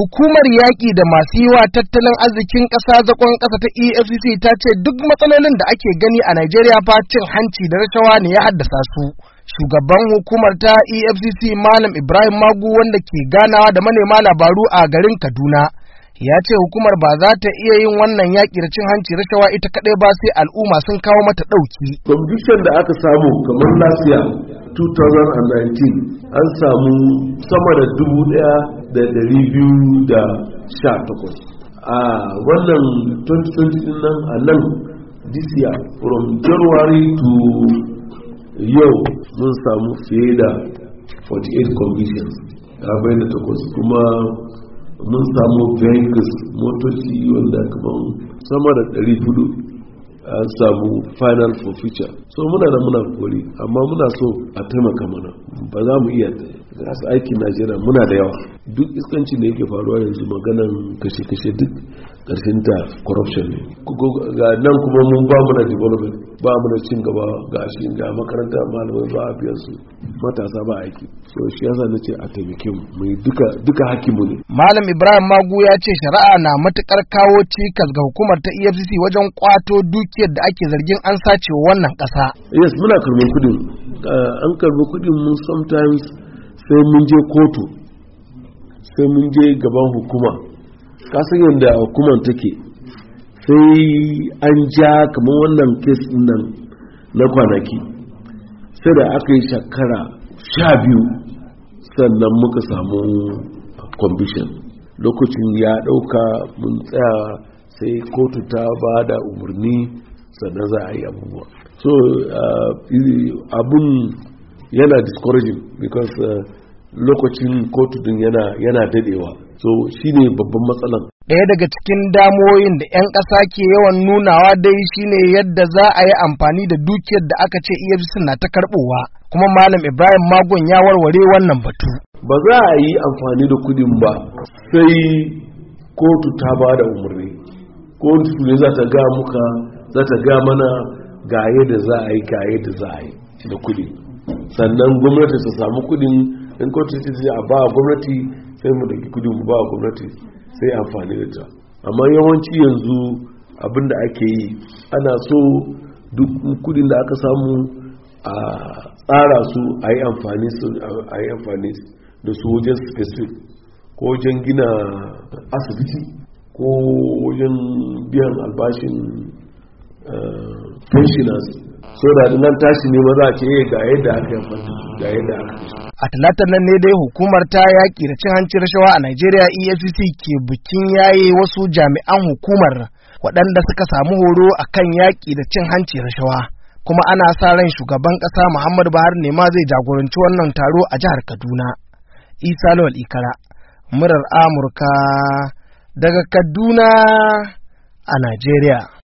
Hukumar yaƙi da masu yi wa tattalin arzikin ƙasa zaƙon ƙasa ta EFCC ta ce duk matsalolin da ake gani a Najeriya fa cin hanci da rashawa ne ya haddasa su. Shugaban hukumar ta EFCC Malam Ibrahim Magu wanda ke ganawa da manema labaru a garin Kaduna. Ya ce hukumar ba za ta iya yin wannan yaƙi da cin hanci rashawa ita kaɗai ba sai al'umma sun kawo mata ɗauki. Conviction da aka samu kamar last year 2019 an samu sama da dubu ɗaya da ɗari biyu da sha takwas a wannan 2020 din nan a nan this year from january to yau mun samu fiye da 48 convictions bai da takwas kuma mun samu vehicles motoci wanda kaman sama da 400 an samu final for future so muna da muna kori amma muna so a taimaka mana ba za mu iya masu aikin najeriya muna da yawa duk iskanci da yake faruwa yanzu maganan kashe-kashe duk ta corruption ne ga nan kuma mun ba mu na development ba mu na cin gaba ga shi ga makaranta malamai ba a biyan su matasa ba aiki so shi yasa na ce a taimake mu duka duka mu ne malam ibrahim magu ya ce shari'a na matukar kawo cikas ga hukumar ta efcc wajen kwato dukiyar da ake zargin an sace wannan kasa yes muna karɓar kudin an karɓi kudin mu sometimes sai mun je kotu sai mun je gaban hukuma kasan yadda hukumar take sai an ja kamar wannan kes nan na kwanaki sai da aka yi shakara sha biyu sannan muka samu kwambishin lokacin ya dauka mun tsaya sai kotu ta ba da umarni sannan za a yi abubuwa so eh, abun yana discouraging because uh, lokacin kotu din yana yana dadewa so shine babban matsalan ɗaya daga cikin damoyin da 'yan ƙasa ke yawan nunawa dai shine yadda za a yi amfani da dukiyar da aka ce efcc na ta karɓowa kuma malam ibrahim magon ya warware wannan batu ba za a yi amfani da kudin ba sai kotu ta ba da umarni kotu ne za ta ga muka za ta ga mana ga yadda za a yi ga yadda za a yi da kudi sannan gwamnati su samu kudin in kotu ce a ba a gwamnati sai mu daki kudin mu ba gwamnati sai amfani da ta amma yawanci yanzu abinda ake yi ana so duk kudin da aka samu a tsara su a yi amfani da su wajen specific ko wajen gina asibiti ko wajen biyan albashin eh, pensioners so da nan tashi ne maza ce eh, ga yadda aka yi ga yadda aka a talatar nan ne dai hukumar ta yaƙi da cin hanci rashawa a Najeriya EFCC ke bikin yaye wasu jami'an hukumar waɗanda suka samu horo a kan yaƙi da cin hanci rashawa. kuma ana sa ran shugaban ƙasa Muhammad Buhari ne ma zai jagoranci wannan taro a jihar Kaduna. Isa Lawal Ikara, murar Amurka daga Kaduna a Najeriya.